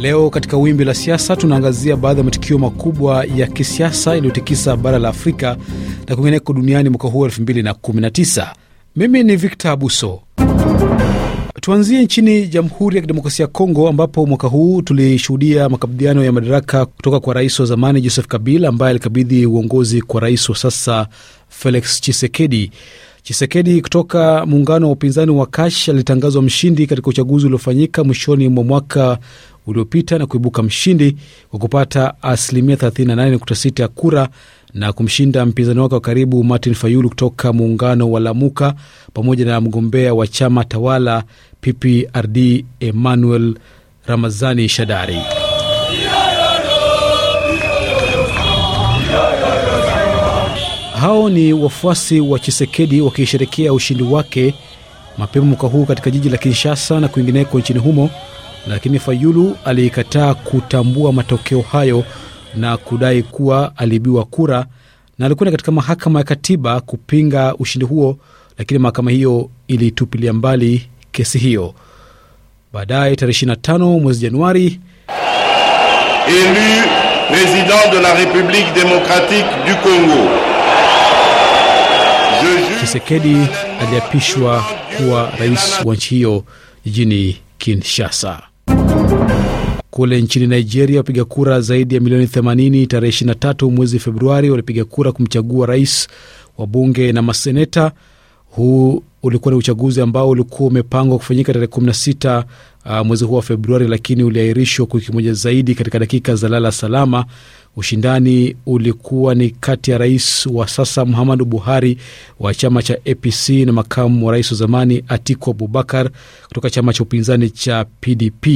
Leo katika wimbi la siasa tunaangazia baadhi ya matukio makubwa ya kisiasa yaliyotikisa bara la Afrika na kwingineko duniani mwaka huu 2019. Mimi ni Victor Abuso. Tuanzie nchini Jamhuri ya Kidemokrasia ya Kongo, ambapo mwaka huu tulishuhudia makabidhiano ya madaraka kutoka kwa rais wa zamani Joseph Kabila, ambaye alikabidhi uongozi kwa rais wa sasa Felix Chisekedi. Chisekedi kutoka muungano wa upinzani wa Kash alitangazwa mshindi katika uchaguzi uliofanyika mwishoni mwa mwaka uliopita na kuibuka mshindi kwa kupata asilimia 38.6 ya kura na kumshinda mpinzani wake wa karibu Martin Fayulu kutoka muungano wa Lamuka pamoja na mgombea wa chama tawala PPRD Emmanuel Ramazani Shadari. Hao ni wafuasi wa Chisekedi wakisherekea ushindi wake mapema mwaka huu katika jiji la Kinshasa na kwingineko nchini humo lakini Fayulu aliikataa kutambua matokeo hayo na kudai kuwa alibiwa kura na alikwenda katika mahakama ya katiba kupinga ushindi huo, lakini mahakama hiyo ilitupilia mbali kesi hiyo. Baadaye tarehe 25 mwezi Januari, elu president de la republique democratique du Congo Chisekedi aliapishwa kuwa rais wa nchi hiyo jijini Kinshasa. Kule nchini Nigeria, wapiga kura zaidi ya milioni 80 tarehe 23 mwezi Februari walipiga kura kumchagua rais, wabunge na maseneta. Huu ulikuwa ni uchaguzi ambao ulikuwa umepangwa kufanyika tarehe 16 uh, mwezi huu wa Februari, lakini uliahirishwa kwa wiki moja zaidi katika dakika za lala salama. Ushindani ulikuwa ni kati ya rais wa sasa Muhammadu Buhari wa chama cha APC na makamu wa rais wa zamani Atiku Abubakar kutoka chama cha upinzani cha PDP.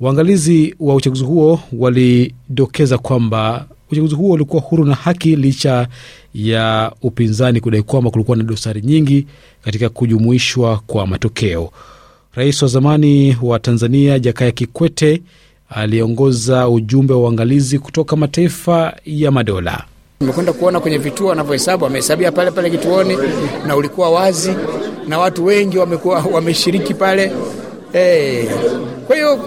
Waangalizi wa uchaguzi huo walidokeza kwamba uchaguzi huo ulikuwa huru na haki licha ya upinzani kudai kwamba kulikuwa na dosari nyingi katika kujumuishwa kwa matokeo. Rais wa zamani wa Tanzania Jakaya Kikwete aliongoza ujumbe wa uangalizi kutoka mataifa ya madola. Tumekwenda kuona kwenye vituo wanavyohesabu, wamehesabia pale pale kituoni, na ulikuwa wazi na watu wengi wamekuwa wameshiriki pale hey. Eh, kwa hiyo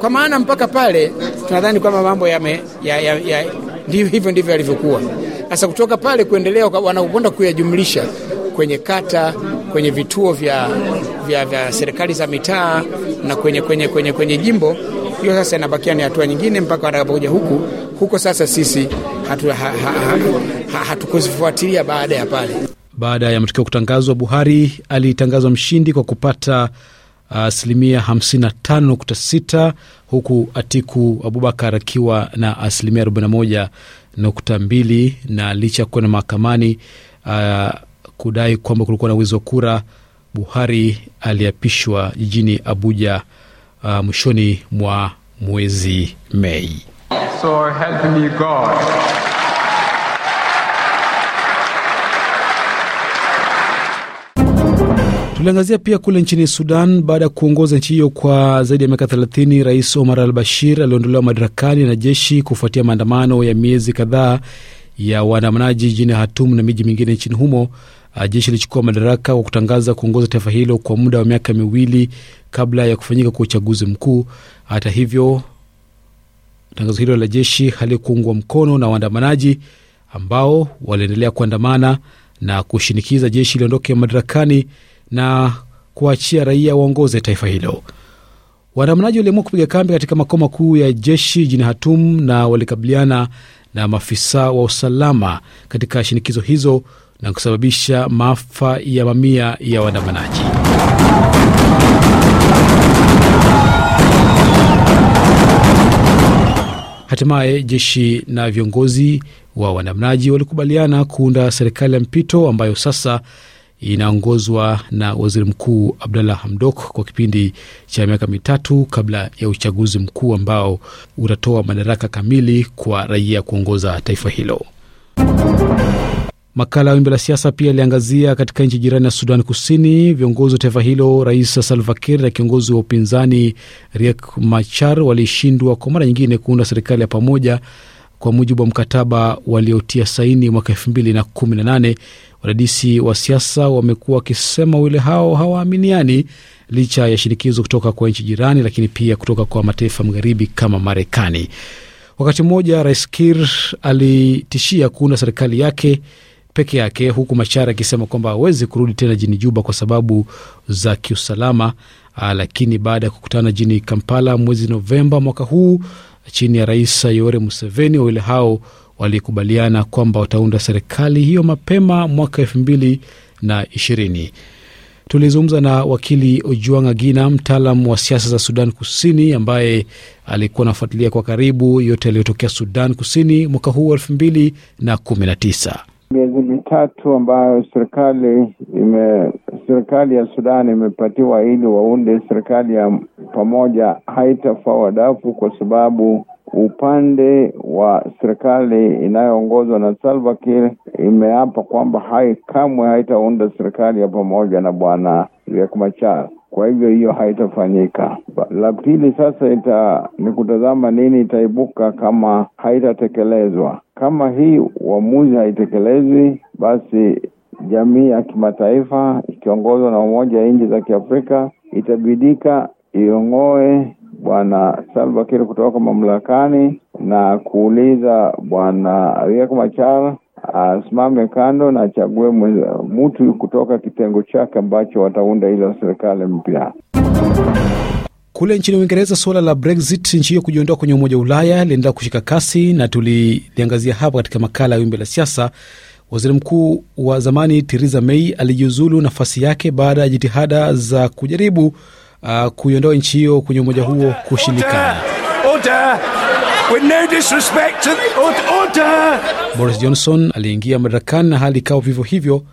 kwa maana mpaka pale tunadhani kwamba mambo yame, ya, ya, ya, Ndivyo hivyo ndivyo alivyokuwa. Sasa kutoka pale kuendelea, wanakwenda kuyajumlisha kwenye kata, kwenye vituo vya, vya, vya serikali za mitaa na kwenye, kwenye, kwenye, kwenye jimbo hiyo. Sasa inabakia ni hatua nyingine mpaka watakapokuja huku huko. Sasa sisi hatukuzifuatilia ha, ha, ha, ha, baada ya pale. Baada ya matokeo kutangazwa, Buhari alitangazwa mshindi kwa kupata asilimia 55.6 huku Atiku Abubakar akiwa na asilimia 41.2 na licha ya kwenda mahakamani uh, kudai kwamba kulikuwa na wizi wa kura, Buhari aliapishwa jijini Abuja uh, mwishoni mwa mwezi Mei. So help me God. Tuliangazia pia kule nchini Sudan. Baada ya kuongoza nchi hiyo kwa zaidi ya miaka 30, Rais Omar al Bashir aliondolewa madarakani na jeshi kufuatia maandamano ya miezi kadhaa ya waandamanaji jijini Hatum na miji mingine nchini humo. Ah, jeshi lilichukua madaraka kwa kutangaza kuongoza taifa hilo kwa muda wa miaka miwili kabla ya kufanyika kwa uchaguzi mkuu. Hata hivyo, tangazo hilo la jeshi halikuungwa mkono na waandamanaji ambao waliendelea kuandamana na kushinikiza jeshi liondoke madarakani na kuachia raia waongoze taifa hilo. Waandamanaji waliamua kupiga kambi katika makao makuu ya jeshi jini Hatum na walikabiliana na maafisa wa usalama katika shinikizo hizo na kusababisha maafa ya mamia ya waandamanaji. Hatimaye jeshi na viongozi wa waandamanaji walikubaliana kuunda serikali ya mpito ambayo sasa inaongozwa na waziri mkuu Abdallah Hamdok kwa kipindi cha miaka mitatu kabla ya uchaguzi mkuu ambao utatoa madaraka kamili kwa raia kuongoza taifa hilo. Makala ya wimbi la siasa pia aliangazia katika nchi jirani ya Sudan Kusini. Viongozi wa taifa hilo, Rais Salva Kiir na kiongozi wa upinzani Riek Machar walishindwa kwa mara nyingine kuunda serikali ya pamoja kwa mujibu wa mkataba waliotia saini mwaka elfu mbili na kumi na nane Wadadisi wa siasa wamekuwa wakisema wawili hao hawaaminiani licha ya shinikizo kutoka kwa nchi jirani, lakini pia kutoka kwa mataifa magharibi kama Marekani. Wakati mmoja Rais Kir alitishia kuunda serikali yake peke yake, huku Machar akisema kwamba hawezi kurudi tena jini Juba kwa sababu za kiusalama. Ah, lakini baada ya kukutana jini Kampala mwezi Novemba mwaka huu chini ya Rais Yoweri Museveni, wawili hao walikubaliana kwamba wataunda serikali hiyo mapema mwaka elfu mbili na ishirini. Tulizungumza na wakili Ojuang Agina, mtaalam wa siasa za Sudan Kusini, ambaye alikuwa anafuatilia kwa karibu yote yaliyotokea Sudan Kusini mwaka huu elfu mbili na kumi na tisa miezi mitatu ambayo serikali ime serikali ya Sudan imepatiwa ili waunde serikali ya pamoja haitafaa wadafu, kwa sababu upande wa serikali inayoongozwa na Salva Kiir imeapa kwamba hai kamwe haitaunda serikali ya pamoja na bwana Riek Machar. Kwa hivyo hiyo haitafanyika. La pili sasa ita ni kutazama nini itaibuka kama haitatekelezwa. Kama hii uamuzi haitekelezwi, basi jamii ya kimataifa ikiongozwa na Umoja wa Nchi za Kiafrika itabidika iong'oe Bwana Salva Kiir kutoka mamlakani na kuuliza Bwana Riek Machar asimame kando na achague mtu kutoka kitengo chake ambacho wataunda ile serikali mpya. Kule nchini Uingereza, suala la Brexit, nchi hiyo kujiondoa kwenye umoja wa Ulaya, liendelea kushika kasi na tuliliangazia hapa katika makala ya wimbi la siasa. Waziri mkuu wa zamani Theresa May alijiuzulu nafasi yake baada ya jitihada za kujaribu uh, kuiondoa nchi hiyo kwenye umoja huo kushindikana. Boris Johnson aliingia madarakani na hali ikawa vivyo hivyo,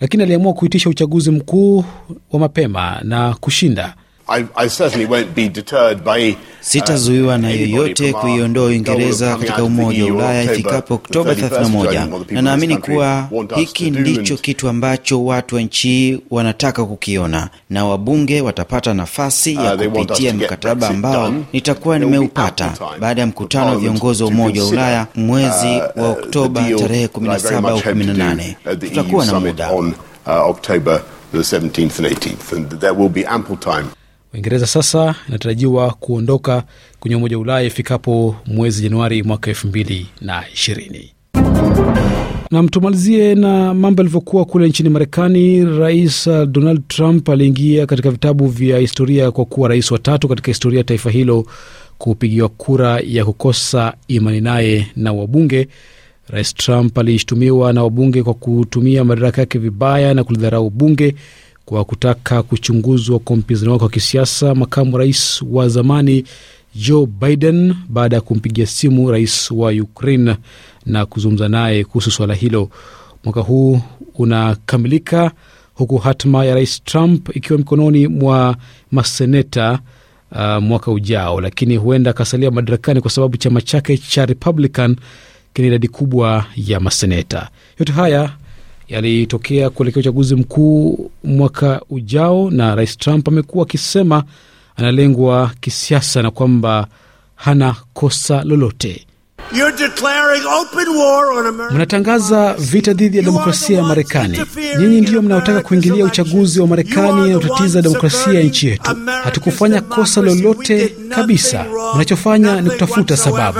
lakini aliamua kuitisha uchaguzi mkuu wa mapema na kushinda. Sitazuiwa na uh, yoyote kuiondoa Uingereza katika Umoja wa Ulaya ifikapo Oktoba 31 na naamini kuwa hiki ndicho kitu ambacho watu wa nchi hii wanataka kukiona, na wabunge watapata nafasi ya uh, kupitia mkataba ambao nitakuwa nimeupata baada ya mkutano wa viongozi wa Umoja wa Ulaya mwezi uh, wa Oktoba tarehe 17 au 18. Tutakuwa na muda. Uingereza sasa inatarajiwa kuondoka kwenye Umoja wa Ulaya ifikapo mwezi Januari mwaka elfu mbili na ishirini. Nam, tumalizie na mambo yalivyokuwa kule nchini Marekani. Rais uh, Donald Trump aliingia katika vitabu vya historia kwa kuwa rais wa tatu katika historia ya taifa hilo kupigiwa kura ya kukosa imani naye na wabunge. Rais Trump alishutumiwa na wabunge kwa kutumia madaraka yake vibaya na kulidharau bunge kwa kutaka kuchunguzwa kwa mpinzani wake wa kisiasa makamu rais wa zamani Joe Biden baada ya kumpigia simu rais wa Ukraine na kuzungumza naye kuhusu suala hilo. Mwaka huu unakamilika huku hatima ya rais Trump ikiwa mikononi mwa maseneta uh, mwaka ujao, lakini huenda akasalia madarakani kwa sababu chama chake cha Republican kina idadi kubwa ya maseneta. Yote haya yalitokea kuelekea uchaguzi mkuu mwaka ujao, na Rais Trump amekuwa akisema analengwa kisiasa na kwamba hana kosa lolote. Mnatangaza vita dhidi ya demokrasia ya Marekani. Nyinyi ndiyo mnaotaka kuingilia uchaguzi wa Marekani na kutatiza demokrasia ya nchi yetu. Hatukufanya kosa lolote kabisa, mnachofanya ni kutafuta sababu.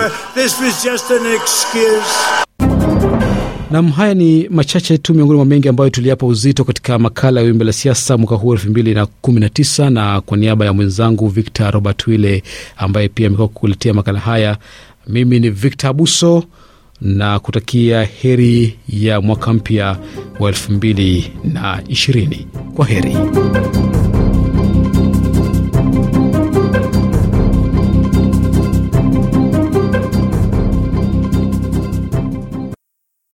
Nam, haya ni machache tu miongoni mwa mengi ambayo tuliapa uzito katika makala ya wimbi la siasa mwaka huu elfu mbili na kumi na tisa na kwa niaba ya mwenzangu Victor Robert wille ambaye pia amekuwa kukuletea makala haya, mimi ni Victor Abuso na kutakia heri ya mwaka mpya wa elfu mbili na ishirini. Kwa heri.